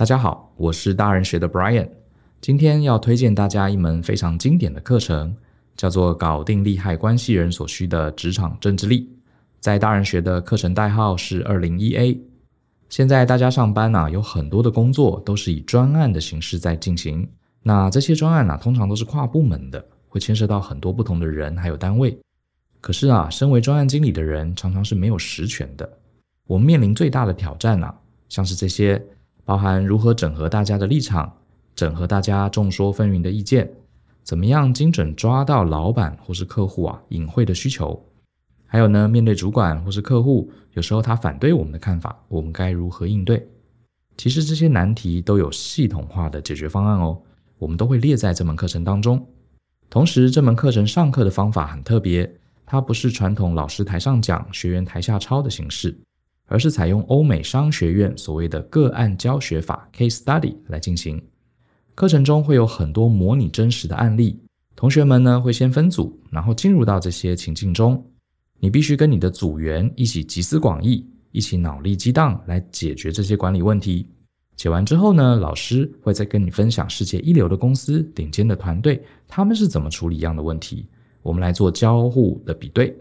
大家好，我是大人學的 Bryan，今天要推薦大家一門非常經典的課程，叫做《搞定利害關係人所需的職場政治力》。在大人學的課程代號是二零一 A。現在大家上班呢、啊，有很多的工作都是以專案的形式在進行。那這些專案呢、啊，通常都是跨部門的，會牽涉到很多不同的人還有單位。可是啊，身為專案經理的人，常常是沒有實權的。我們面臨最大的挑戰呢、啊，像是這些。包含如何整合大家的立場，整合大家眾說紛紜的意見，怎麼樣精準抓到老板或是客戶啊，隱晦的需求？還有呢，面對主管或是客戶，有時候他反對我們的看法，我們該如何應對？其實這些難題都有系統化的解決方案哦，我們都會列在這門課程當中。同時，這門課程上課的方法很特別，它不是傳統老師台上講，學員台下抄的形式。而是採用歐美商學院所謂的個案教學法 （case study） 來進行。課程中會有很多模擬真實的案例，同學們呢會先分組，然後進入到這些情境中。你必須跟你的組員一起集思廣益，一起腦力激盪來解決這些管理問題。解完之後呢，老師會再跟你分享世界一流的公司、頂尖的團隊他們是怎麼處理一樣的問題。我們來做交互的比對。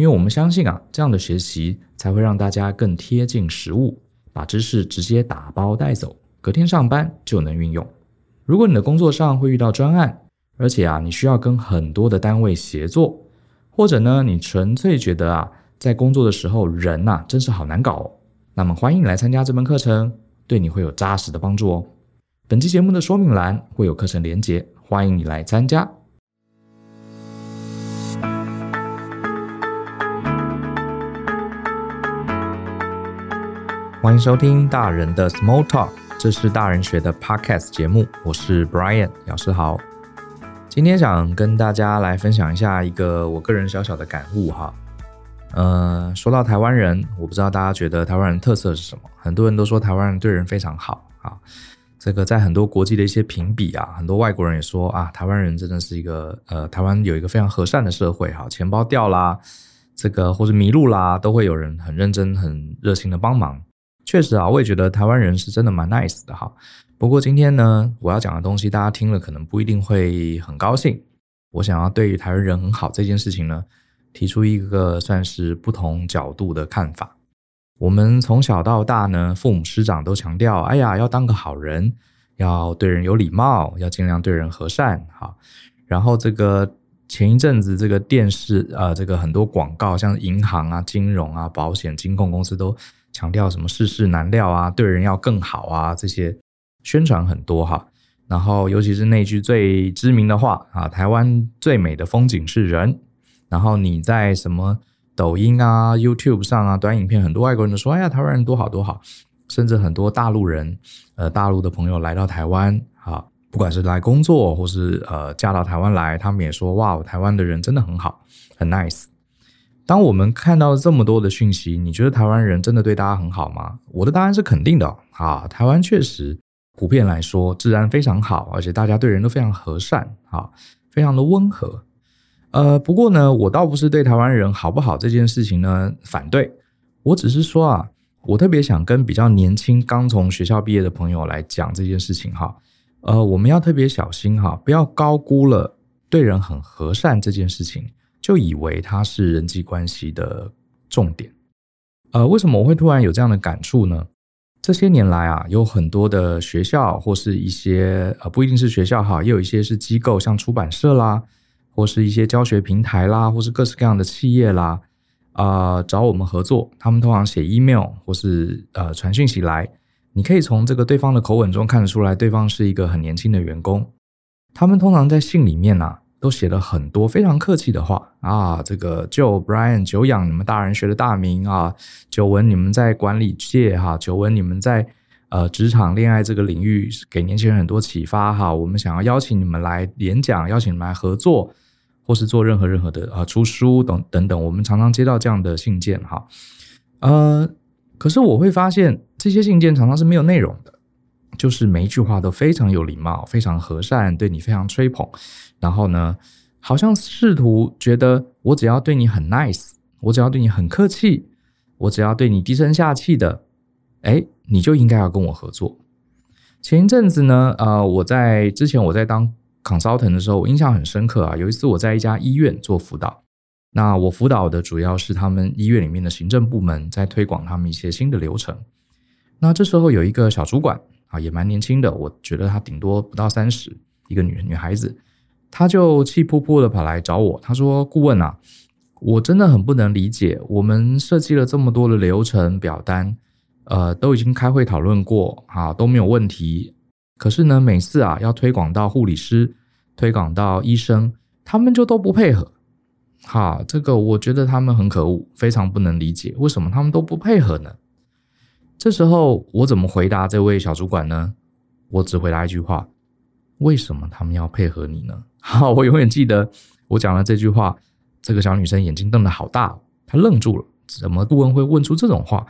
因為我們相信啊，這樣的學習才會讓大家更貼近實務，把知識直接打包帶走，隔天上班就能運用。如果你的工作上會遇到專案，而且啊，你需要跟很多的單位協作，或者呢，你純粹覺得啊，在工作的時候人吶、啊，真是好難搞，哦，那麼歡迎你來參加這門課程，對你會有扎實的幫助哦。本期節目的說明欄會有課程連結，歡迎你來參加。歡迎收聽《大人的 Small Talk》，這是大人學的 Podcast 節目。我是 Bryan 姚詩豪，今天想跟大家來分享一下一個我個人小小的感悟哈。呃，說到台灣人，我不知道大家覺得台灣人特色是什麼？很多人都說台灣人對人非常好啊。這個在很多國際的一些評比啊，很多外國人也說啊，台灣人真的是一個呃，台灣有一個非常和善的社會哈。錢包掉啦，這個或是迷路啦，都會有人很認真、很熱心的幫忙。確實啊，我也覺得台灣人是真的蠻 nice 的哈。不過今天呢，我要講的東西大家聽了可能不一定會很高興。我想要對於台灣人很好這件事情呢，提出一個算是不同角度的看法。我們從小到大呢，父母師長都強調：哎呀，要當個好人，要對人有禮貌，要盡量對人和善哈。然後這個前一陣子，這個電視啊，呃，這個很多廣告，像銀行啊、金融啊、保險、金控公司都，強調什麼世事難料啊，對人要更好啊，這些宣傳很多哈。然後尤其是那句最知名的話啊，台灣最美的風景是人。然後你在什麼抖音啊、YouTube 上啊，短影片，很多外國人都說，哎呀，台灣人多好多好。甚至很多大陸人，呃，大陸的朋友來到台灣啊，不管是來工作或是呃嫁到台灣來，他們也說，哇，台灣的人真的很好，很 nice。當我們看到這麼多的訊息，你覺得台灣人真的對大家很好嗎？我的答案是肯定的啊！台灣確實普遍來說治安非常好，而且大家對人都非常和善，啊，非常的溫和。呃，不過呢，我倒不是對台灣人好不好這件事情呢反對，我只是說啊，我特別想跟比較年輕、剛從學校畢業的朋友來講這件事情哈、啊。呃，我們要特別小心哈、啊，不要高估了對人很和善這件事情。就以為它是人際關係的重點，呃，為什麼我會突然有這樣的感觸呢？這些年來啊，有很多的學校或是一些呃，不一定是學校哈，也有一些是機構，像出版社啦，或是一些教學平台啦，或是各式各樣的企業啦，啊、呃，找我們合作，他們通常寫 email 或是呃傳訊息來，你可以從這個對方的口吻中看得出來，對方是一個很年輕的員工，他們通常在信裡面呢、啊。都寫了很多非常客氣的話啊！這個就 Bryan 久仰你們大人學的大名啊，久聞你們在管理界哈、啊，久聞你們在呃職場戀愛這個領域給年輕人很多啟發哈、啊。我們想要邀請你們來演講，邀請你們來合作，或是做任何任何的啊出書等等等。我們常常接到這樣的信件哈、啊，呃，可是我會發現這些信件常常是沒有內容的，就是每一句話都非常有禮貌，非常和善，對你非常吹捧。然後呢，好像試圖覺得我只要對你很 nice，我只要對你很客氣，我只要對你低聲下氣的，哎，你就應該要跟我合作。前一陣子呢，呃，我在之前我在當 consultant 的時候，我印象很深刻啊。有一次我在一家醫院做輔導，那我輔導的主要是他們醫院裡面的行政部門在推廣他們一些新的流程。那這時候有一個小主管啊，也蠻年輕的，我覺得他頂多不到三十，一個女女孩子。他就氣噗噗的跑來找我，他說：“顧問啊，我真的很不能理解，我們設計了這麼多的流程表單，呃，都已經開會討論過，啊，都沒有問題。可是呢，每次啊要推廣到護理師，推廣到醫生，他們就都不配合，啊，這個我覺得他們很可惡，非常不能理解，為什麼他們都不配合呢？這時候我怎麼回答這位小主管呢？我只回答一句話。”為什麼他們要配合你呢？好，我永遠記得我講了這句話，這個小女生眼睛瞪得好大，她愣住了，怎麼顧問會問出這種話？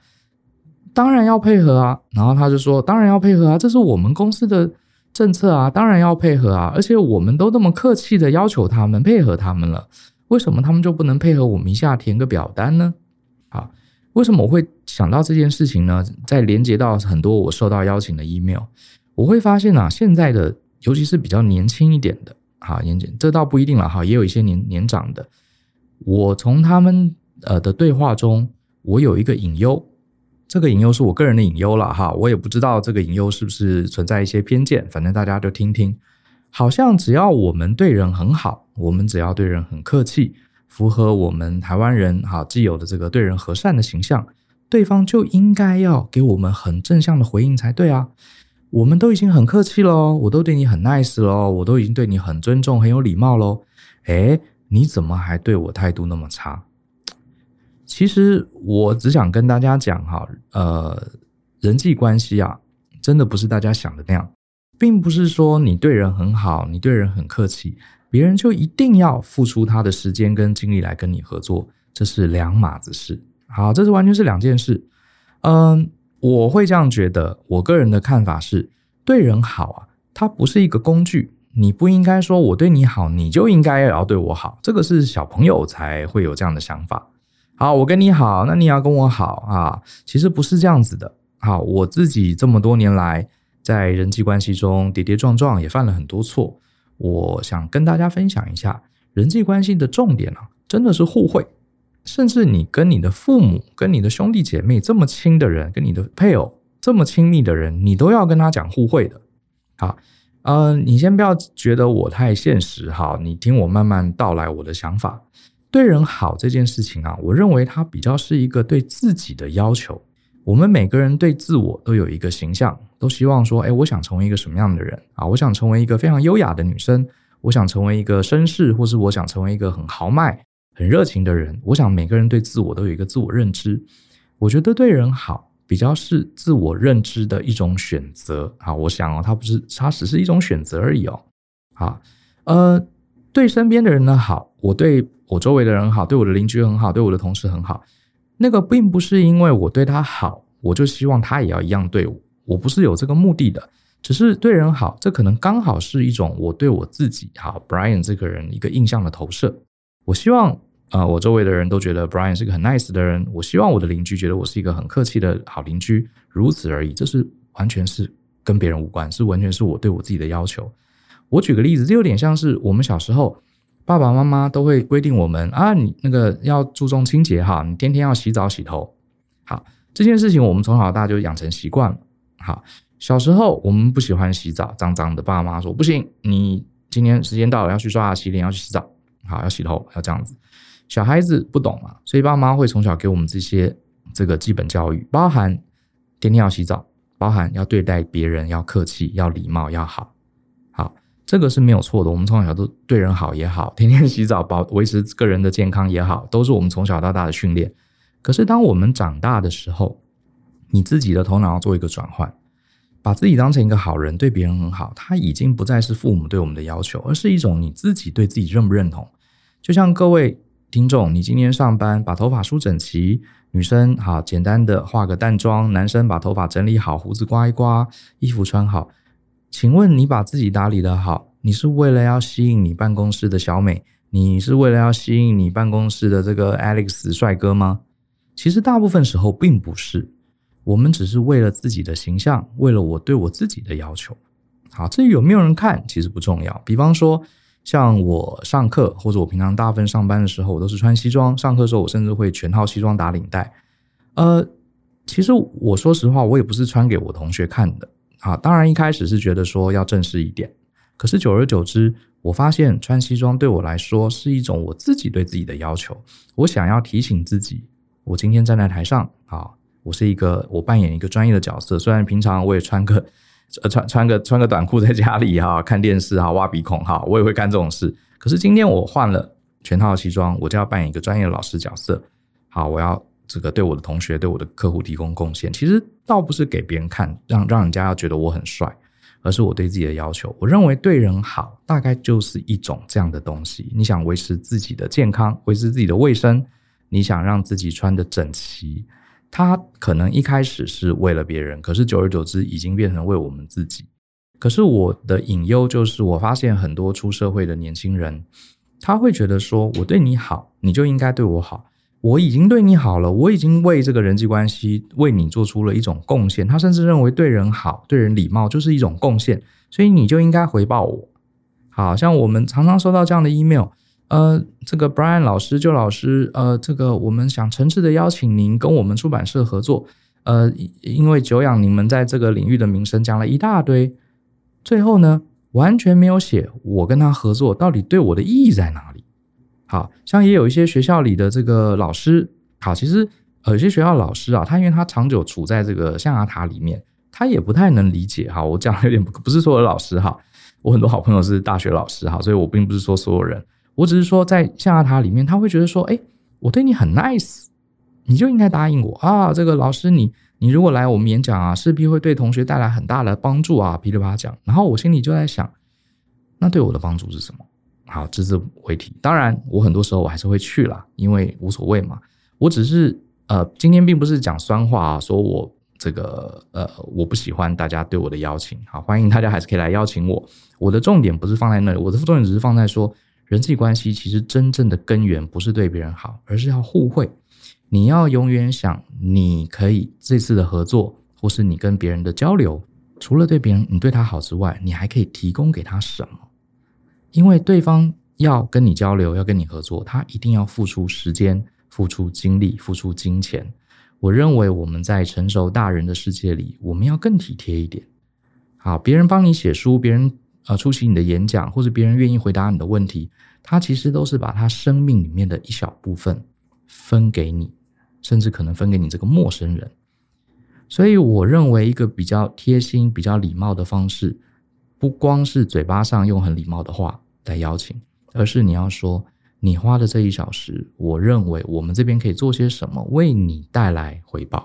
當然要配合啊！然後她就說，當然要配合啊，這是我們公司的政策啊，當然要配合啊，而且我們都這麼客氣地要求他們配合他們了，為什麼他們就不能配合我們一下填個表單呢？啊，為什麼我會想到這件事情呢？在連接到很多我收到邀請的 email，我會發現啊，現在的。尤其是比較年輕一點的，哈，年紀這倒不一定了，哈，也有一些年年長的。我從他們呃的對話中，我有一個隱憂，這個隱憂是我個人的隱憂了，哈，我也不知道這個隱憂是不是存在一些偏見，反正大家就聽聽。好像只要我們對人很好，我們只要對人很客氣，符合我們台灣人哈既有的這個對人和善的形象，對方就應該要給我們很正向的回應才對啊。我們都已經很客氣嘍，我都對你很 nice 嘍，我都已經對你很尊重、很有禮貌嘍。欸，你怎麼還對我態度那麼差？其實我只想跟大家講哈，呃，人際關係啊，真的不是大家想的那樣，並不是說你對人很好，你對人很客氣，別人就一定要付出他的時間跟精力來跟你合作，這是兩碼子事。好，這是完全是兩件事。嗯。我會這樣覺得，我個人的看法是，對人好啊，它不是一個工具，你不應該說我對你好，你就應該要對我好，這個是小朋友才會有這樣的想法。好，我跟你好，那你要跟我好啊，其實不是這樣子的。好，我自己這麼多年來在人際關係中跌跌撞撞，也犯了很多錯，我想跟大家分享一下人際關係的重點啊，真的是互惠。甚至你跟你的父母、跟你的兄弟姐妹這麼親的人，跟你的配偶這麼親密的人，你都要跟他講互惠的。好，呃，你先不要覺得我太現實哈，你聽我慢慢道來我的想法。對人好這件事情啊，我認為它比較是一個對自己的要求。我們每個人對自我都有一個形象，都希望說，哎，我想成為一個什麼樣的人啊？我想成為一個非常優雅的女生，我想成為一個紳士，或是我想成為一個很豪邁。很熱情的人，我想每個人對自我都有一個自我認知。我覺得對人好，比較是自我認知的一種選擇啊。我想哦，他不是，他只是一種選擇而已哦。好，呃，對身邊的人呢好，我對我周圍的人好，對我的鄰居很好，對我的同事很好。那個並不是因為我對他好，我就希望他也要一樣對我，我不是有這個目的的，只是對人好。這可能剛好是一種我對我自己啊，Bryan 這個人一個印象的投射。我希望。啊、呃，我周圍的人都覺得 Brian 是個很 nice 的人。我希望我的鄰居覺得我是一個很客氣的好鄰居，如此而已。這是完全是跟別人無關，是完全是我對我自己的要求。我舉個例子，這有點像是我們小時候，爸爸媽媽都會規定我們啊，你那個要注重清潔哈，你天天要洗澡、洗頭。好，這件事情我們從小到大就養成習慣了。好，小時候我們不喜歡洗澡，髒髒的。爸媽說不行，你今天時間到了要去刷牙、啊、洗臉、要去洗澡。好，要洗頭，要這樣子。小孩子不懂嘛，所以爸媽會從小給我們這些這個基本教育，包含天天要洗澡，包含要對待別人要客氣、要禮貌、要好，好這個是沒有錯的。我們從小都對人好也好，天天洗澡保維持個人的健康也好，都是我們從小到大的訓練。可是當我們長大的時候，你自己的頭腦要做一個轉換，把自己當成一個好人，對別人很好，他已經不再是父母對我們的要求，而是一種你自己對自己認不認同。就像各位。聽眾，你今天上班把頭髮梳整齊，女生好，簡單的化個淡妝，男生把頭髮整理好，鬍子刮一刮，衣服穿好。請問你把自己打理得好，你是為了要吸引你辦公室的小美，你是為了要吸引你辦公室的這個 Alex 帥哥嗎？其實大部分時候並不是，我們只是為了自己的形象，為了我對我自己的要求。好，至於有沒有人看，其實不重要。比方說。像我上課或者我平常大部分上班的時候，我都是穿西裝。上課的時候，我甚至會全套西裝打領帶。呃，其實我說實話，我也不是穿給我同學看的啊。當然一開始是覺得說要正式一點，可是久而久之，我發現穿西裝對我來說是一種我自己對自己的要求。我想要提醒自己，我今天站在台上啊，我是一個我扮演一個專業的角色。雖然平常我也穿個。穿穿個穿個短褲在家裡哈，看電視哈，挖鼻孔哈，我也會幹這種事。可是今天我換了全套的西裝，我就要扮演一個專業的老師角色。好，我要這個對我的同學、對我的客戶提供貢獻。其實倒不是給別人看，讓讓人家要覺得我很帥，而是我對自己的要求。我認為對人好，大概就是一種這樣的東西。你想維持自己的健康，維持自己的衛生，你想讓自己穿得整齊。他可能一開始是為了別人，可是久而久之已經變成為我們自己。可是我的隱憂就是，我發現很多出社會的年輕人，他會覺得說：“我對你好，你就應該對我好。我已經對你好了，我已經為這個人際關係為你做出了一種貢獻。他甚至認為對人好、對人禮貌就是一種貢獻，所以你就應該回報我。好”好像我們常常收到這樣的 email。呃，這個 Bryan 老師就老師，呃，這個我們想誠摯的邀請您跟我們出版社合作，呃，因為久仰你們在這個領域的名聲，講了一大堆，最後呢，完全沒有寫我跟他合作到底對我的意義在哪裡。好，像也有一些學校裡的這個老師，好，其實有些學校老師啊，他因為他長久處在這個象牙塔裡面，他也不太能理解。好，我講的有點不是說所有老師哈，我很多好朋友是大學老師哈，所以我並不是說所有人。我只是說，在象牙塔裡面，他會覺得說：“哎，我對你很 nice，你就應該答應我啊。”這個老師你，你你如果來我們演講啊，勢必會對同學帶來很大的幫助啊，噼里啪啦講。然後我心裡就在想，那對我的幫助是什麼？好，只字未提。當然，我很多時候我還是會去了，因為無所謂嘛。我只是呃，今天並不是講酸話啊，說我這個呃，我不喜歡大家對我的邀請。好，歡迎大家還是可以來邀請我。我的重點不是放在那裡，我的重點只是放在說，人際關係其實真正的根源不是對別人好，而是要互惠。你要永遠想，你可以這次的合作，或是你跟別人的交流，除了對別人你對他好之外，你還可以提供給他什麼？因為對方要跟你交流，要跟你合作，他一定要付出時間、付出精力、付出金錢。我認為我們在成熟大人的世界裡，我們要更體貼一點。好，別人幫你寫書，別人。啊，出席你的演講，或是別人願意回答你的問題，他其實都是把他生命裡面的一小部分分給你，甚至可能分給你這個陌生人。所以，我認為一個比較貼心、比較禮貌的方式，不光是嘴巴上用很禮貌的話來邀請，而是你要說你花的這一小時，我認為我們這邊可以做些什麼，為你帶來回報。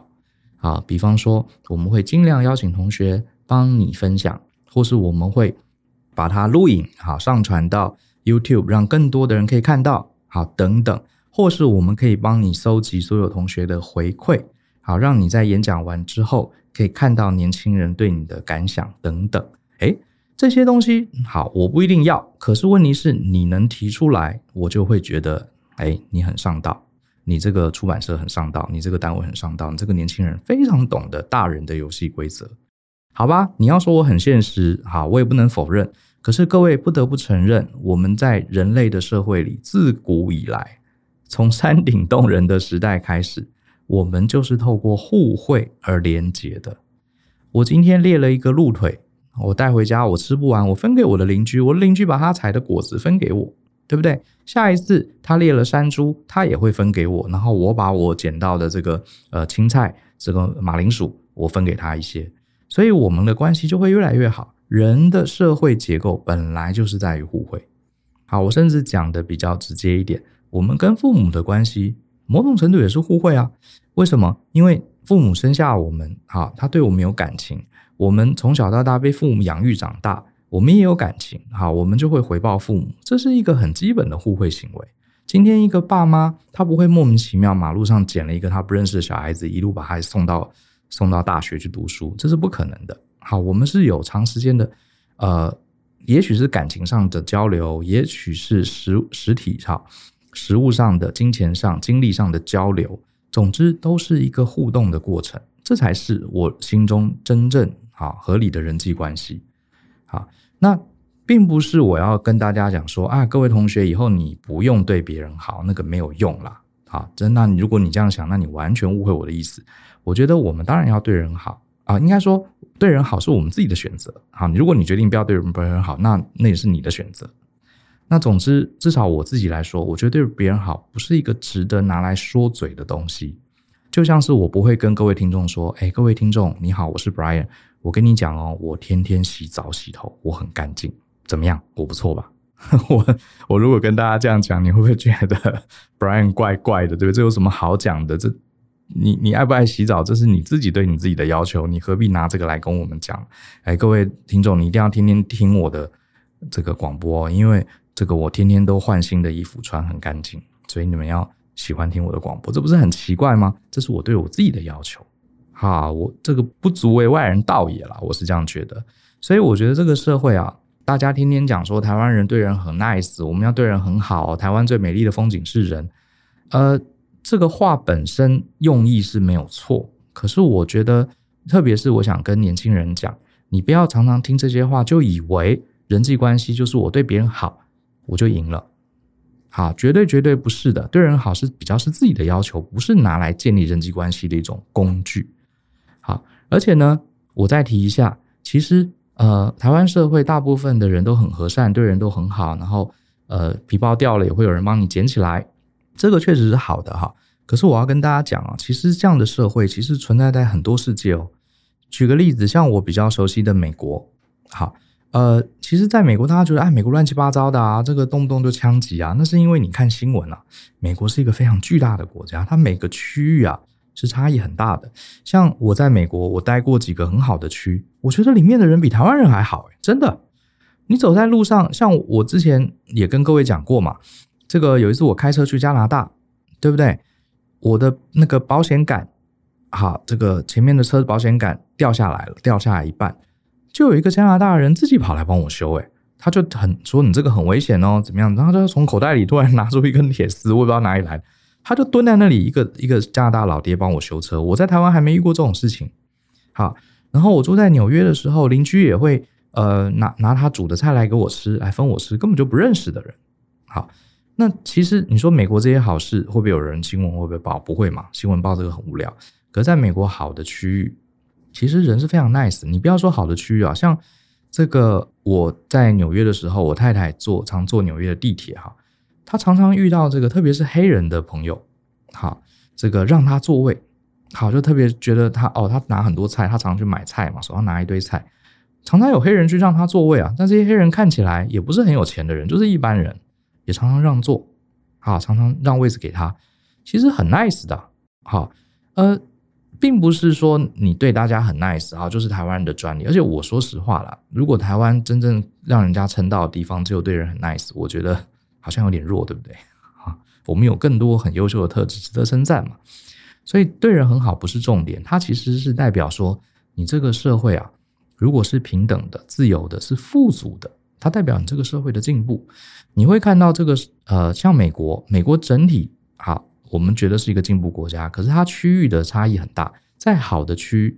啊，比方說，我們會盡量邀請同學幫你分享，或是我們會。把它錄影好，上傳到 YouTube，讓更多的人可以看到。好，等等，或是我們可以幫你收集所有同學的回饋，好，讓你在演講完之後可以看到年輕人對你的感想等等。欸，這些東西好，我不一定要。可是問題是你能提出來，我就會覺得，欸，你很上道，你這個出版社很上道，你這個單位很上道，你這個年輕人非常懂得大人的遊戲規則。好吧，你要說我很現實，好，我也不能否認。可是各位不得不承認，我們在人類的社會裡，自古以來，從山頂洞人的時代開始，我們就是透過互惠而連結的。我今天獵了一個鹿腿，我帶回家，我吃不完，我分給我的鄰居。我的鄰居把他採的果子分給我，對不對？下一次他獵了山豬，他也會分給我。然後我把我撿到的這個呃青菜、這個馬鈴薯，我分給他一些。所以我們的關係就會越來越好。人的社會結構本來就是在於互惠。好，我甚至講的比較直接一點，我們跟父母的關係，某種程度也是互惠啊。為什麼？因為父母生下我們，好，他對我們有感情；我們從小到大被父母養育長大，我們也有感情，好，我們就會回報父母。這是一個很基本的互惠行為。今天一個爸媽，他不會莫名其妙馬路上撿了一個他不認識的小孩子，一路把孩子送到。送到大學去讀書，這是不可能的。好，我們是有長時間的，呃，也許是感情上的交流，也許是實實體上、實物上的、金錢上、精力上的交流，總之都是一個互動的過程。這才是我心中真正啊，合理的人際關係。好，那並不是我要跟大家講說啊，各位同學，以後你不用對別人好，那個沒有用啦。好，真的啊，如果你這樣想，那你完全誤會我的意思。我覺得我們當然要對人好啊、呃，應該說對人好是我們自己的選擇啊。如果你決定不要對人別人好，那那也是你的選擇。那總之，至少我自己來說，我覺得對別人好不是一個值得拿來說嘴的東西。就像是我不會跟各位聽眾說：“哎，各位聽眾你好，我是 Bryan，我跟你講哦，我天天洗澡洗頭，我很乾淨，怎麼樣？我不錯吧？ 我我如果跟大家這樣講，你會不會覺得 Bryan 怪怪的？對不對？這有什麼好講的？這。”你你愛不愛洗澡？這是你自己對你自己的要求，你何必拿這個來跟我們講？哎，各位聽眾，你一定要天天聽我的這個廣播哦，因為這個我天天都換新的衣服穿，很乾淨，所以你們要喜歡聽我的廣播，這不是很奇怪嗎？這是我對我自己的要求，哈，啊，我這個不足為外人道也啦。我是這樣覺得。所以我覺得這個社會啊，大家天天講說台灣人對人很 nice，我們要對人很好，台灣最美麗的風景是人，呃。這個話本身用意是沒有錯，可是我覺得，特別是我想跟年輕人講，你不要常常聽這些話，就以為人際關係就是我對別人好，我就贏了。好，絕對絕對不是的，對人好是比較是自己的要求，不是拿來建立人際關係的一種工具。好，而且呢，我再提一下，其實呃，台灣社會大部分的人都很和善，對人都很好，然後呃，皮包掉了也會有人幫你撿起來。這個確實是好的哈，可是我要跟大家講啊，其實這樣的社會其實存在在很多世界哦。舉個例子，像我比較熟悉的美國，好，呃，其實在美國，大家覺得哎，美國亂七八糟的啊，這個動不動就槍擊啊，那是因為你看新聞啊，美國是一個非常巨大的國家，它每個區域啊是差異很大的。像我在美國，我待過幾個很好的區，我覺得裡面的人比台灣人還好，真的。你走在路上，像我之前也跟各位講過嘛。這個有一次我開車去加拿大，對不對？我的那個保險桿，好，這個前面的車保險桿掉下來了，掉下來一半，就有一個加拿大人自己跑來幫我修，欸，哎，他就很說，你這個很危險哦，怎麼樣？然後他就從口袋裡突然拿出一根鐵絲，我也不知道哪裡來，他就蹲在那裡，一個一個加拿大老爹幫我修車。我在台灣還沒遇過這種事情，好，然後我住在紐約的時候，鄰居也會呃拿拿他煮的菜來給我吃，來分我吃，根本就不認識的人，好。那其實你說美國這些好事會不會有人新聞會不會報？不會嘛，新聞報這個很無聊。可是在美國好的區域，其實人是非常 nice。你不要說好的區域啊，像這個我在紐約的時候，我太太坐常坐紐約的地鐵哈、啊，她常常遇到這個特別是黑人的朋友好，這個讓他座位，好就特別覺得他哦，他拿很多菜，他常常去買菜嘛，手上拿一堆菜，常常有黑人去讓他座位啊，但這些黑人看起來也不是很有錢的人，就是一般人。也常常讓座，啊，常常讓位置給他，其實很 nice 的，好、啊，呃，並不是說你對大家很 nice 啊，就是台灣人的專利。而且我說實話了，如果台灣真正讓人家稱道的地方只有對人很 nice，我覺得好像有點弱，對不對？啊，我們有更多很優秀的特質值得稱讚嘛。所以對人很好不是重點，它其實是代表說你這個社會啊，如果是平等的、自由的、是富足的。它代表你這個社會的進步，你會看到這個呃，像美國，美國整體好，我們覺得是一個進步國家，可是它區域的差異很大，在好的區、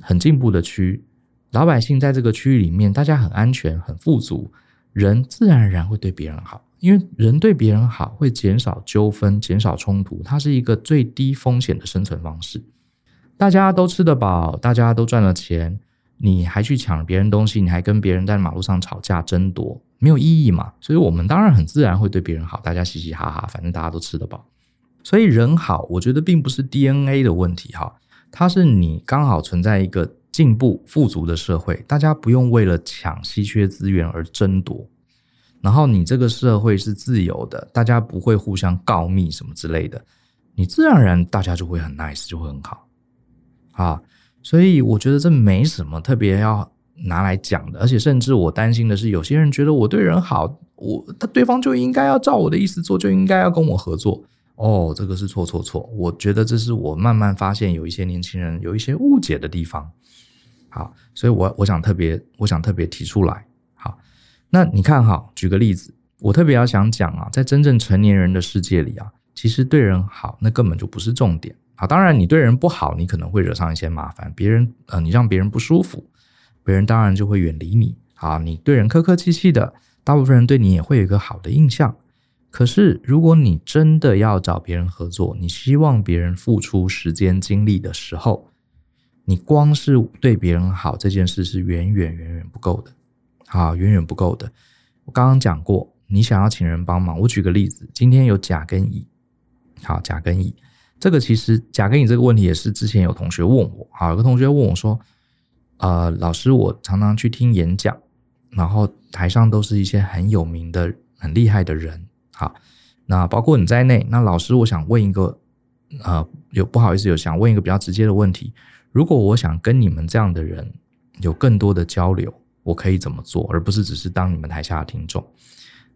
很進步的區，老百姓在這個區域裡面，大家很安全、很富足，人自然而然會對別人好，因為人對別人好會減少糾紛、減少衝突，它是一個最低風險的生存方式，大家都吃得飽，大家都賺了錢。你還去搶別人東西，你還跟別人在馬路上吵架爭奪，沒有意義嘛？所以我們當然很自然會對別人好，大家嘻嘻哈哈，反正大家都吃得飽。所以人好，我覺得並不是 DNA 的問題哈，它是你剛好存在一個進步富足的社會，大家不用為了搶稀缺資源而爭奪，然後你這個社會是自由的，大家不會互相告密什麼之類的，你自然而然大家就會很 nice，就會很好，啊。所以我覺得這沒什麼特別要拿來講的，而且甚至我擔心的是，有些人覺得我對人好，我他對方就應該要照我的意思做，就應該要跟我合作。哦，這個是錯錯錯！我覺得這是我慢慢發現有一些年輕人有一些誤解的地方。好，所以我我想特別我想特別提出來。好，那你看哈，舉個例子，我特別要想講啊，在真正成年人的世界裡啊，其實對人好，那根本就不是重點。啊，當然，你對人不好，你可能會惹上一些麻煩。別人，呃，你讓別人不舒服，別人當然就會遠離你。啊，你對人客客氣氣的，大部分人對你也會有一個好的印象。可是，如果你真的要找別人合作，你希望別人付出時間精力的時候，你光是對別人好這件事是遠遠遠遠遠不夠的。啊，遠遠不夠的。我剛剛講過，你想要請人幫忙，我舉個例子，今天有甲跟乙，好，甲跟乙。這個其實講給你這個問題也是之前有同學問我。好，有個同學問我說：“呃，老師，我常常去聽演講，然後台上都是一些很有名的、很厲害的人。好，那包括你在內，那老師，我想問一個啊、呃，有不好意思，有想問一個比較直接的問題：如果我想跟你們這樣的人有更多的交流，我可以怎麼做？而不是只是當你們台下的聽眾。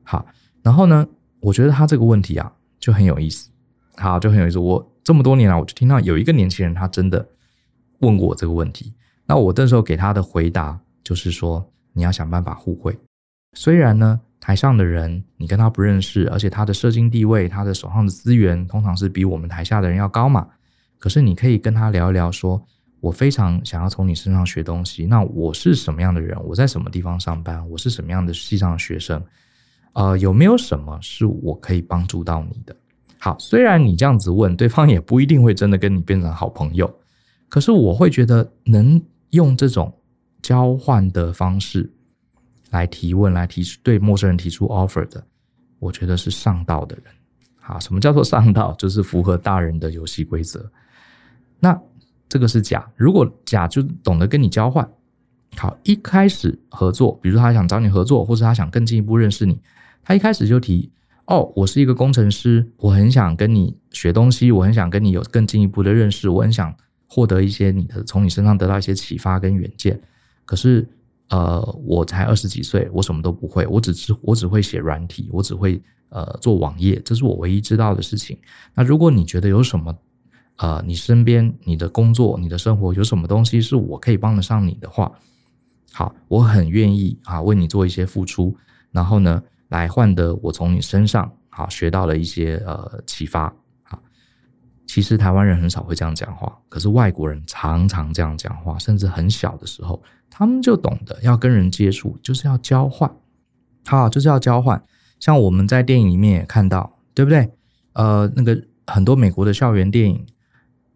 好，然後呢，我覺得他這個問題啊，就很有意思。好，就很有意思。我。這麼多年來，我就聽到有一個年輕人，他真的問過我這個問題。那我這時候給他的回答就是說：你要想辦法互惠。雖然呢，台上的人你跟他不認識，而且他的社經地位、他的手上的資源，通常是比我們台下的人要高嘛。可是你可以跟他聊一聊說，說我非常想要從你身上學東西。那我是什麼樣的人？我在什麼地方上班？我是什麼樣的系上的學生？呃，有沒有什麼是我可以幫助到你的？好，雖然你這樣子問，對方也不一定會真的跟你變成好朋友，可是我會覺得能用這種交換的方式來提問、來提對陌生人提出 offer 的，我覺得是上道的人。好，什麼叫做上道？就是符合大人的遊戲規則。那這個是甲，如果甲就懂得跟你交換，好，一開始合作，比如說他想找你合作，或是他想更進一步認識你，他一開始就提。哦，我是一個工程師，我很想跟你學東西，我很想跟你有更進一步的認識，我很想獲得一些你的從你身上得到一些啟發跟遠見。可是，呃，我才二十幾歲，我什麼都不會，我只知我只會寫軟體，我只會呃做網頁，這是我唯一知道的事情。那如果你覺得有什麼，呃，你身邊、你的工作、你的生活有什麼東西是我可以幫得上你的話，好，我很願意啊為你做一些付出。然後呢，來換得我從你身上好學到了一些呃啟發啊，其實台灣人很少會這樣講話，可是外國人常常這樣講話，甚至很小的時候他們就懂得要跟人接觸就是要交換，好，就是要交換。像我們在電影裡面也看到，對不對？呃，那個很多美國的校園電影，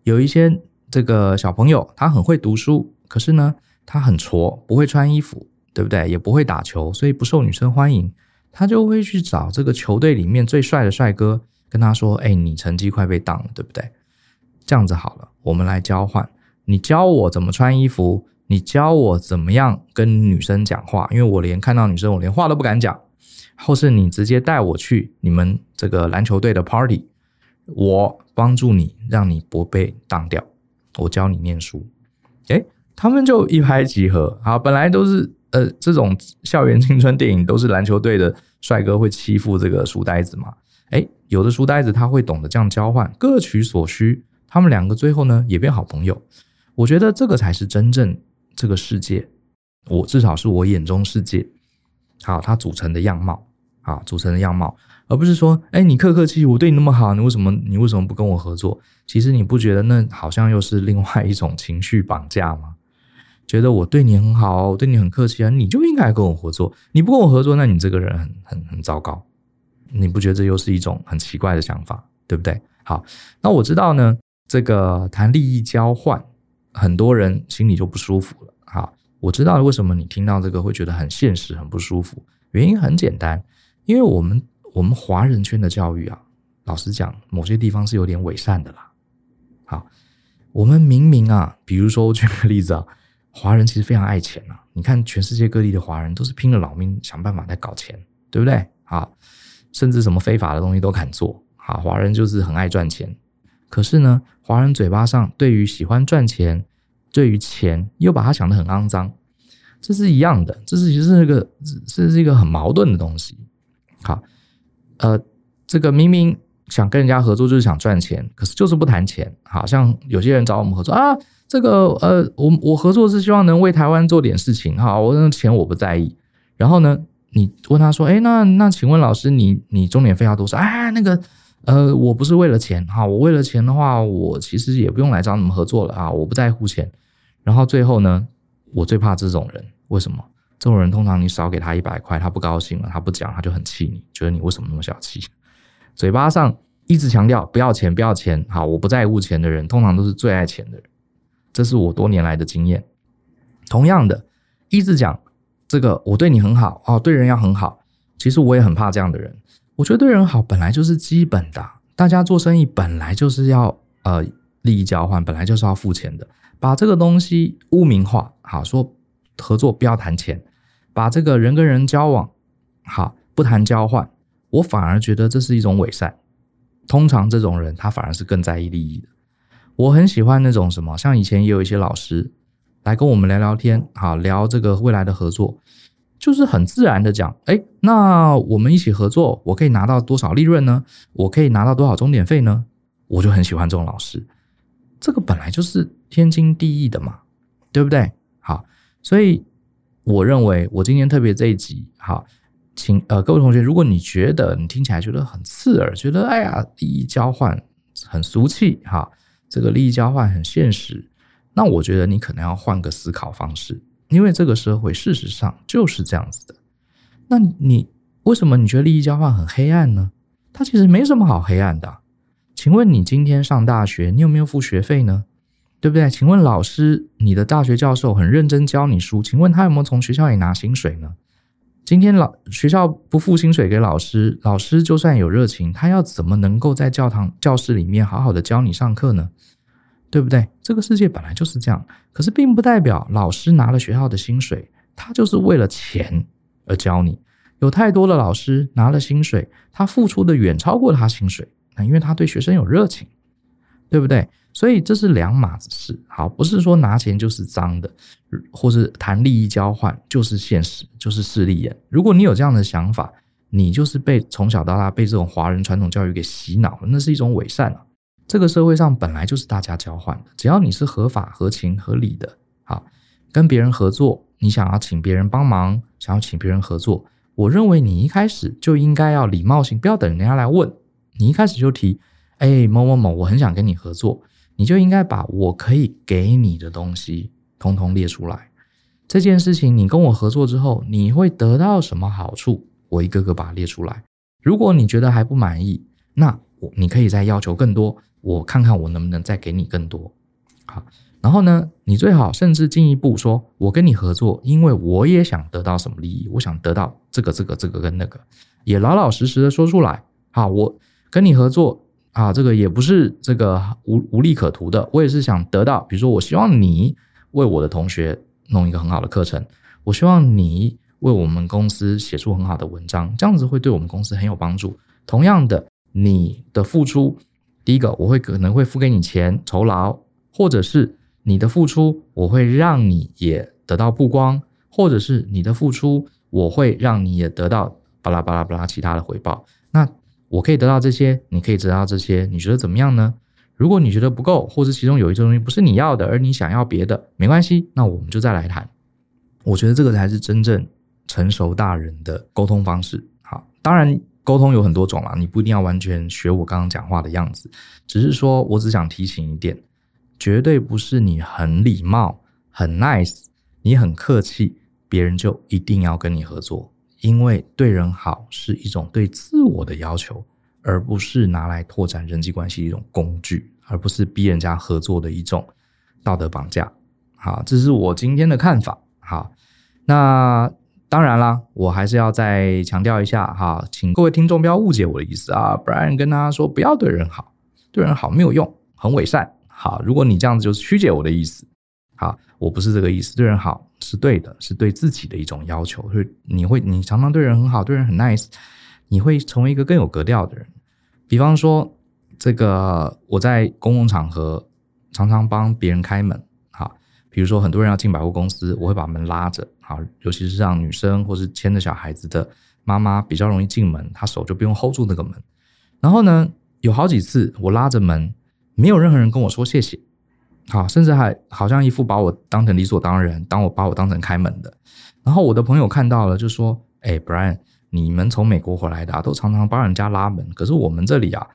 有一些這個小朋友他很會讀書，可是呢他很矬，不會穿衣服，對不對？也不會打球，所以不受女生歡迎。他就會去找這個球隊裡面最帥的帥哥，跟他說：“哎、欸，你成績快被當了，對不對？這樣子好了，我們來交換。你教我怎麼穿衣服，你教我怎麼樣跟女生講話，因為我連看到女生我連話都不敢講。或是你直接帶我去你們這個籃球隊的 party，我幫助你，讓你不被當掉。我教你念書。誒、欸，他們就一拍即合。好，本來都是。”呃，這種校園青春電影都是籃球隊的帥哥會欺負這個書呆子嘛。哎，有的書呆子他會懂得這樣交換，各取所需。他們兩個最後呢也變好朋友。我覺得這個才是真正這個世界，我至少是我眼中世界。好，它組成的樣貌，好組成的樣貌，而不是說，哎，你客客氣氣，我對你那麼好，你為什麼你為什麼不跟我合作？其實你不覺得那好像又是另外一種情緒綁架嗎？覺得我對你很好，我對你很客氣啊，你就應該跟我合作。你不跟我合作，那你這個人很很很糟糕。你不覺得這又是一種很奇怪的想法，對不對？好，那我知道呢，這個談利益交換，很多人心裡就不舒服了。好，我知道為什麼你聽到這個會覺得很現實、很不舒服。原因很簡單，因為我們我們華人圈的教育啊，老實講，某些地方是有點偽善的啦。好，我們明明啊，比如說我舉個例子啊。華人其實非常愛錢啊！你看，全世界各地的華人都是拼了老命想辦法在搞錢，對不對？啊，甚至什麼非法的東西都敢做啊！華人就是很愛賺錢。可是呢，華人嘴巴上對於喜歡賺錢，對於錢又把他想得很骯髒，這是一樣的，這是其實一個，這是一個很矛盾的東西。好，呃，這個明明想跟人家合作就是想賺錢，可是就是不談錢，好像有些人找我們合作啊。這個呃，我我合作是希望能為台灣做點事情哈，我那錢我不在意。然後呢，你問他說，哎、欸，那那請問老師你，你你鐘點費要多少？哎，那個呃，我不是為了錢哈，我為了錢的話，我其實也不用來找你們合作了啊，我不在乎錢。然後最後呢，我最怕這種人，為什麼？這種人通常你少給他一百塊，他不高興了，他不講，他就很氣你，你覺得你為什麼那麼小氣？嘴巴上一直強調不要錢，不要錢，好，我不在乎錢的人，通常都是最愛錢的人。這是我多年來的經驗。同樣的，一直講這個，我對你很好哦，對人要很好。其實我也很怕這樣的人。我覺得對人好本來就是基本的，大家做生意本來就是要呃利益交換，本來就是要付錢的。把這個東西污名化，好，說合作不要談錢，把這個人跟人交往，好，不談交換，我反而覺得這是一種偽善。通常這種人他反而是更在意利益的。我很喜歡那種什麼，像以前也有一些老師來跟我們聊聊天，好，聊這個未來的合作，就是很自然的講，哎，那我們一起合作，我可以拿到多少利潤呢？我可以拿到多少鐘點費呢？我就很喜歡這種老師，這個本來就是天經地義的嘛，對不對？好，所以我認為我今天特別這一集，哈，請呃各位同學，如果你覺得你聽起來覺得很刺耳，覺得哎呀，利益交換很俗氣，哈。這個利益交換很現實，那我覺得你可能要換個思考方式，因為這個社會事實上就是這樣子的。那你為什麼你覺得利益交換很黑暗呢？它其實沒什麼好黑暗的啊。請問你今天上大學，你有沒有付學費呢？對不對？請問老師，你的大學教授很認真教你書，請問他有沒有從學校裡拿薪水呢？今天老學校不付薪水給老師，老師就算有熱情，他要怎麼能夠在教堂教室裡面好好的教你上課呢？對不對？這個世界本來就是這樣，可是並不代表老師拿了學校的薪水，他就是為了錢而教你。有太多的老師拿了薪水，他付出的遠超過他薪水，那因為他對學生有熱情，對不對？所以這是兩碼子事，好，不是說拿錢就是髒的，或是談利益交換就是現實，就是勢利眼。如果你有這樣的想法，你就是被從小到大被這種華人傳統教育給洗腦了，那是一種偽善啊，這個社會上本來就是大家交換的，只要你是合法、合情、合理的，好，跟別人合作，你想要請別人幫忙，想要請別人合作，我認為你一開始就應該要禮貌性，不要等人家來問，你一開始就提，欸，某某某，我很想跟你合作。你就應該把我可以給你的東西通通列出來。這件事情，你跟我合作之後，你會得到什麼好處？我一個個把它列出來。如果你覺得還不滿意，那我你可以再要求更多，我看看我能不能再給你更多。好，然後呢，你最好甚至進一步說，我跟你合作，因為我也想得到什麼利益，我想得到這個、這個、這個跟那個，也老老實實的說出來。好，我跟你合作。啊，這個也不是這個無無利可圖的。我也是想得到，比如說，我希望你為我的同學弄一個很好的課程，我希望你為我們公司寫出很好的文章，這樣子會對我們公司很有幫助。同樣的，你的付出，第一個，我會可能會付給你錢、酬勞，或者是你的付出，我會讓你也得到曝光，或者是你的付出，我會讓你也得到巴拉巴拉巴拉其他的回報。我可以得到這些，你可以得到這些，你覺得怎麼樣呢？如果你覺得不夠，或是其中有一些東西不是你要的，而你想要別的，沒關係，那我們就再來談。我覺得這個才是真正成熟大人的溝通方式。好，當然溝通有很多種啦，你不一定要完全學我剛剛講話的樣子，只是說我只想提醒一點，絕對不是你很禮貌、很 nice、你很客氣，別人就一定要跟你合作。因為對人好是一種對自我的要求，而不是拿來拓展人際關係的一種工具，而不是逼人家合作的一種道德綁架。好，這是我今天的看法。好，那當然啦，我還是要再強調一下哈，請各位聽眾不要誤解我的意思啊，不然跟大家說不要對人好，對人好沒有用，很偽善。好，如果你這樣子就是曲解我的意思。啊，我不是這個意思。對人好是對的，是對自己的一種要求。所以會，你會，你常常對人很好，對人很 nice，你會成為一個更有格調的人。比方說，這個我在公共場合常常幫別人開門。好，比如說很多人要進百貨公司，我會把門拉着。好，尤其是讓女生或是牽着小孩子的媽媽比較容易進門，她手就不用 hold 住那個門。然後呢，有好幾次我拉着門，沒有任何人跟我說謝謝。好，甚至還好像一副把我當成理所當然，當我把我當成開門的。然後我的朋友看到了，就說：“哎，Bryan，你們從美國回來的、啊、都常常幫人家拉門，可是我們這裡啊，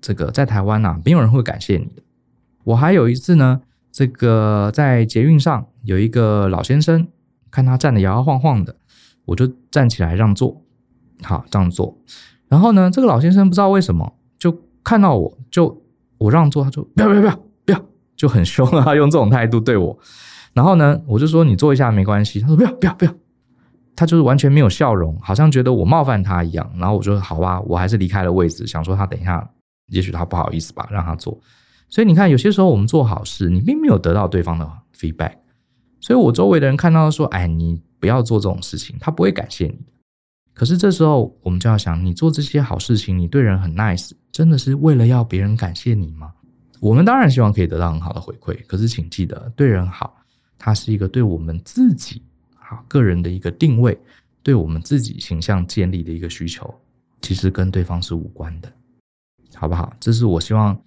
這個在台灣吶、啊，沒有人會感謝你的。”我還有一次呢，這個在捷運上有一個老先生，看他站得搖搖晃晃的，我就站起來讓座。好，讓座。然後呢，這個老先生不知道為什麼就看到我就我讓座，他就不要不要不要。就很兇啊，用這種態度對我，然後呢，我就說你做一下沒關係。他說不要不要不要，他就是完全沒有笑容，好像覺得我冒犯他一樣。然後我說好吧，我還是離開了位置，想說他等一下，也許他不好意思吧，讓他做。所以你看，有些時候我們做好事，你並沒有得到對方的 feedback。所以我周圍的人看到說，哎，你不要做這種事情，他不會感謝你。可是這時候我們就要想，你做這些好事情，你對人很 nice，真的是為了要別人感謝你嗎？我們當然希望可以得到很好的回饋，可是請記得，對人好，它是一個對我們自己好個人的一個定位，對我們自己形象建立的一個需求，其實跟對方是無關的，好不好？這是我希望，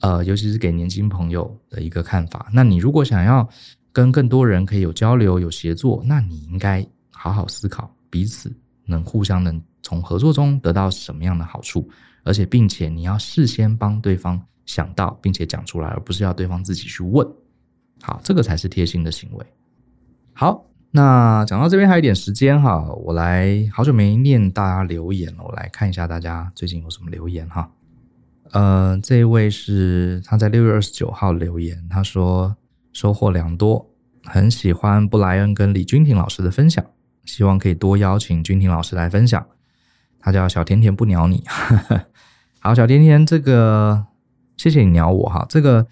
呃，尤其是給年輕朋友的一個看法。那你如果想要跟更多人可以有交流、有協作，那你應該好好思考彼此能互相能從合作中得到什麼樣的好處，而且並且你要事先幫對方。想到並且講出來，而不是要對方自己去問。好，這個才是貼心的行為。好，那講到這邊還有一點時間哈，我來好久沒念大家留言了，我來看一下大家最近有什麼留言哈。呃，這位是他在六月二十九號留言，他說收穫良多，很喜歡布萊恩跟李君婷老師的分享，希望可以多邀請君婷老師來分享。他叫小甜甜不鳥你， 好，小甜甜這個。謝謝你鳥我哈，這個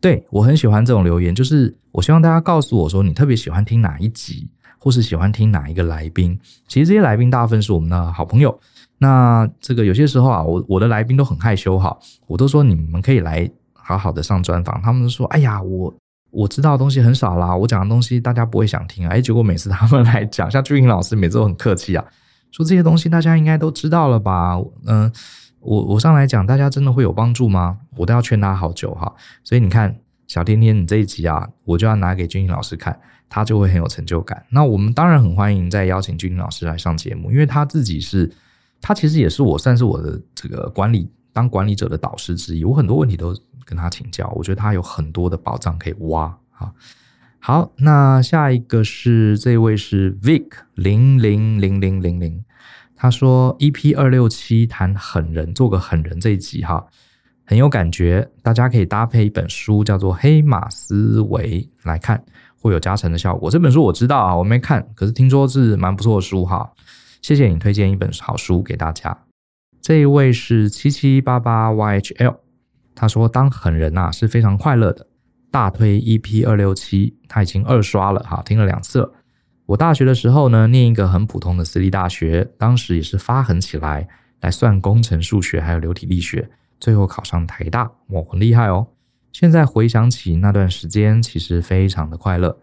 對我很喜歡這種留言，就是我希望大家告訴我說你特別喜歡聽哪一集，或是喜歡聽哪一個來賓。其實這些來賓大部分是我們的好朋友。那這個有些時候啊，我我的來賓都很害羞哈，我都說你們可以來好好的上專訪，他們說，哎呀，我我知道的東西很少啦，我講的東西大家不會想聽啊，哎，結果每次他們來講，像俊英老師每次都很客氣啊，說這些東西大家應該都知道了吧，嗯，呃。我我上來講，大家真的會有幫助嗎？我都要勸他好久哈。所以你看，小天天，你這一集啊，我就要拿給君君老師看，他就會很有成就感。那我們當然很歡迎再邀請君君老師來上節目，因為他自己是，他其實也是我算是我的這個管理當管理者的導師之一。我很多問題都跟他請教，我覺得他有很多的寶藏可以挖啊。好，那下一個是這位是 Vic 零零零零零零。他說：“EP267 談狠人，做個狠人這一集哈，很有感覺，大家可以搭配一本書叫做《黑馬思維》來看，會有加成的效果。這本書我知道啊，我沒看，可是聽說是蠻不錯的書哈。謝謝你推薦一本好書給大家。這一位是 7788YHL，他說當狠人啊是非常快樂的，大推 EP267，他已經二刷了哈，聽了兩次了我大學的時候呢，念一個很普通的私立大學，當時也是發狠起來來算工程數學，還有流體力學，最後考上台大，哇，很厲害哦。現在回想起那段時間，其實非常的快樂，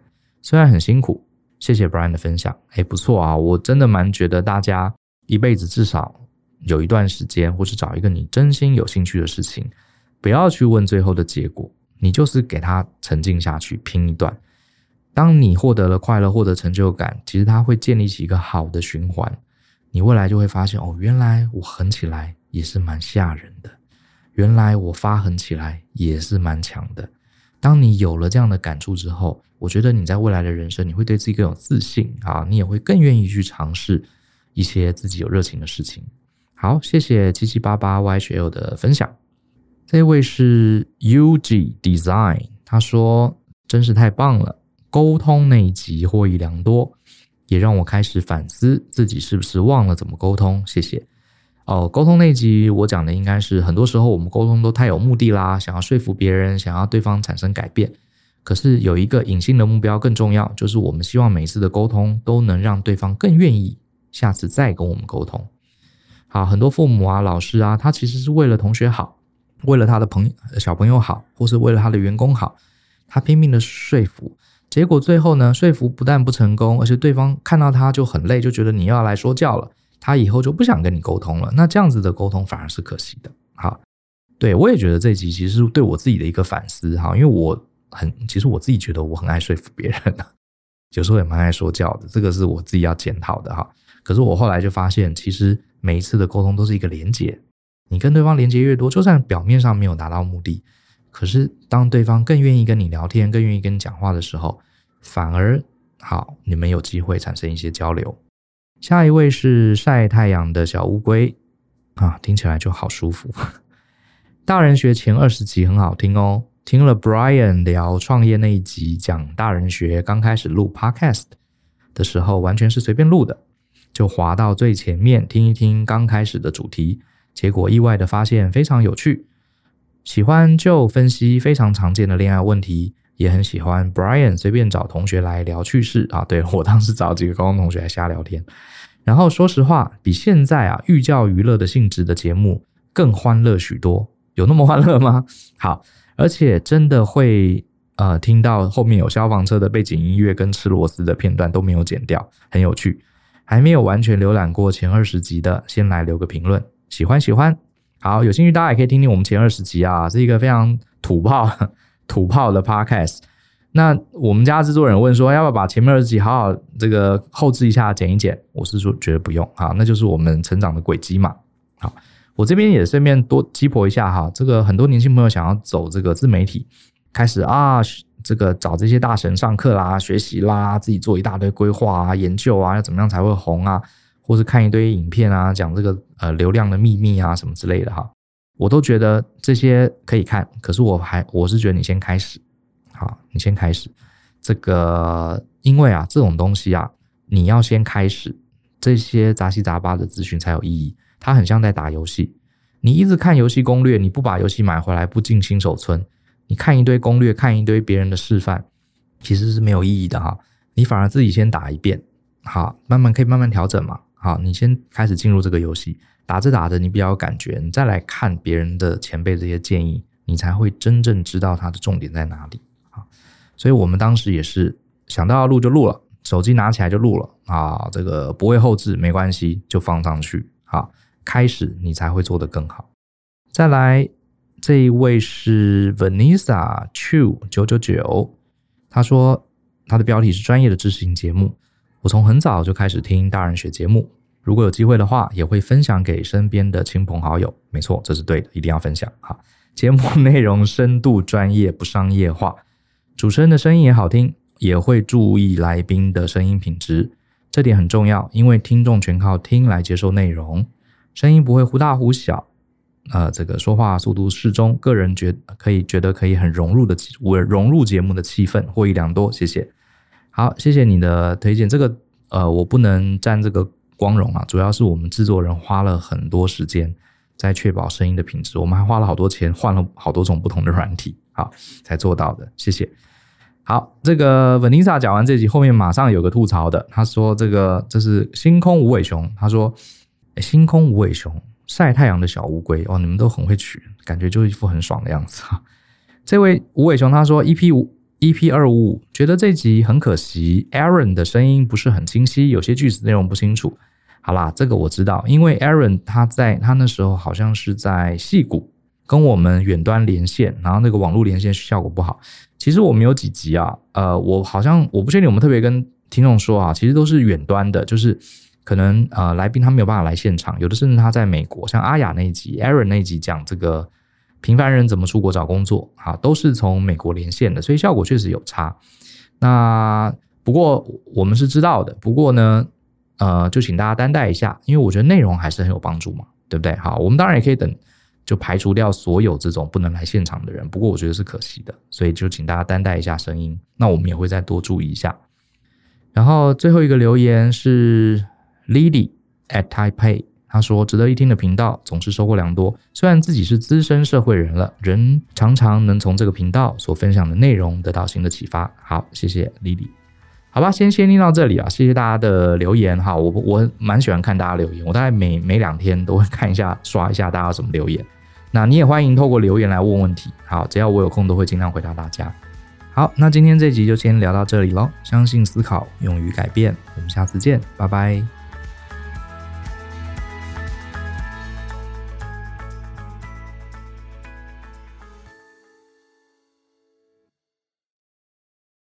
雖然很辛苦。謝謝 Bryan 的分享，哎，不錯啊，我真的蠻覺得大家一輩子至少有一段時間，或是找一個你真心有興趣的事情，不要去問最後的結果，你就是給他沉浸下去拼一段。當你獲得了快樂，獲得成就感，其實它會建立起一個好的循環。你未來就會發現，哦，原來我狠起來也是蠻嚇人的，原來我發狠起來也是蠻強的。當你有了這樣的感觸之後，我覺得你在未來的人生，你會對自己更有自信啊，你也會更願意去嘗試一些自己有熱情的事情。好，謝謝七七八八 Y 學 l 的分享。這位是、y、U G Design，他說：“真是太棒了。”溝通那一集獲益良多，也讓我開始反思自己是不是忘了怎麼溝通。謝謝哦。溝通那一集我講的應該是，很多時候我們溝通都太有目的啦、啊，想要說服別人，想要對方產生改變。可是有一個隱性的目標更重要，就是我們希望每一次的溝通都能讓對方更願意下次再跟我們溝通。好，很多父母啊、老師啊，他其實是為了同學好，為了他的朋友、小朋友好，或是為了他的員工好，他拼命的說服。結果最後呢，說服不但不成功，而且對方看到他就很累，就覺得你要來說教了，他以後就不想跟你溝通了。那這樣子的溝通反而是可惜的。哈，對，我也覺得這集其實是對我自己的一個反思哈，因為我很其實我自己覺得我很愛說服別人，有時候也蠻愛說教的，這個是我自己要檢討的哈。可是我後來就發現，其實每一次的溝通都是一個連接，你跟對方連接越多，就算表面上沒有達到目的。可是，當對方更願意跟你聊天，更願意跟你講話的時候，反而好，你們有機會產生一些交流。下一位是曬太陽的小烏龜啊，聽起來就好舒服。大人學前二十集很好聽哦，聽了 Bryan 聊創業那一集，講大人學剛開始錄 Podcast 的時候，完全是隨便錄的，就滑到最前面聽一聽剛開始的主題，結果意外的發現非常有趣。喜歡就分析非常常見的戀愛問題，也很喜歡 Brian 隨便找同學來聊趣事啊，對，我當時找幾個高中同學來瞎聊天，然後說實話，比現在啊寓教於樂的性質的節目更歡樂許多。有那麼歡樂嗎？好，而且真的會呃聽到後面有消防車的背景音樂跟吃螺絲的片段都沒有剪掉，很有趣。還沒有完全瀏覽過前二十集的，先來留個評論，喜歡喜歡。好，有興趣，大家也可以聽聽我們前二十集啊，是一個非常土炮土炮的 podcast。那我們家制作人問說，要不要把前面二十集好好這個後製一下，剪一剪？我是說覺得不用啊，那就是我們成長的軌跡嘛。好，我這邊也順便多雞婆一下哈。這個很多年輕朋友想要走這個自媒體，開始啊，這個找這些大神上課啦、學習啦，自己做一大堆規劃啊、研究啊，要怎麼樣才會紅啊？或是看一堆影片啊，講這個呃流量的秘密啊什麼之類的哈，我都覺得這些可以看。可是我還我是覺得你先開始，好，你先開始這個，因為啊這種東西啊，你要先開始這些雜七雜八的資訊才有意義。它很像在打遊戲，你一直看遊戲攻略，你不把遊戲買回來，不進新手村，你看一堆攻略，看一堆別人的示範，其實是沒有意義的哈。你反而自己先打一遍，好，慢慢可以慢慢調整嘛。好，你先開始進入這個遊戲，打着打着你比較有感覺，你再來看別人的前輩這些建議，你才會真正知道它的重點在哪裡啊。所以我們當時也是想到要錄就錄了，手機拿起來就錄了啊。這個不會後製沒關係，就放上去啊。開始你才會做得更好。再來這一位是 Vanessa Chu 九九九，他說他的標題是專業的知識型節目。我從很早就開始聽《大人學》節目，如果有機會的話，也會分享給身邊的親朋好友。沒錯，這是對的，一定要分享啊！節目內容深度專業，不商業化，主持人的聲音也好聽，也會注意來賓的聲音品質，這點很重要，因為聽眾全靠聽來接受內容，聲音不會忽大忽小。呃，這個說話速度適中，個人覺可以覺得可以很融入的，我融入節目的氣氛，獲益良多，謝謝。好，謝謝你的推薦。這個呃，我不能占這個光榮啊，主要是我們製作人花了很多時間在確保聲音的品質，我們還花了好多錢換了好多種不同的軟體，好才做到的。謝謝。好，這個 Vanessa 講完這集，後面馬上有個吐槽的，他說：“這個這是星空無尾熊。”他、欸、說：“星空無尾熊曬太陽的小烏龜哦，你們都很會取，感覺就是一副很爽的樣子哈。這位無尾熊他說 EP 五。” EP255，覺得這集很可惜，Aaron 的聲音不是很清晰，有些句子內容不清楚。好啦，這個我知道，因為 Aaron 他在他那時候好像是在矽谷跟我們遠端連線，然後那個網絡連線效果不好。其實我們有幾集啊，呃，我好像我不確定我們特別跟聽眾說啊，其實都是遠端的，就是可能呃來賓他沒有辦法來現場，有的甚至他在美國，像阿雅那一集，Aaron 那一集講這個。平凡人怎麼出國找工作？哈，都是從美國連線的，所以效果確實有差。那不過我們是知道的，不過呢，呃，就請大家擔待一下，因為我覺得內容還是很有幫助嘛，對不對？好，我們當然也可以等，就排除掉所有這種不能來現場的人。不過我覺得是可惜的，所以就請大家擔待一下聲音。那我們也會再多注意一下。然後最後一個留言是 Lily at Taipei。他說：“值得一聽的頻道，總是收穫良多。雖然自己是資深社會人了，仍常常能從這個頻道所分享的內容得到新的啟發。”好，謝謝莉莉。好吧，先先聽到這裡啊，謝謝大家的留言哈。我我蠻喜歡看大家留言，我大概每每兩天都會看一下，刷一下大家怎麼留言。那你也歡迎透過留言來問問題。好，只要我有空都會盡量回答大家。好，那今天這集就先聊到這裡嘍。相信思考，勇於改變，我們下次見，拜拜。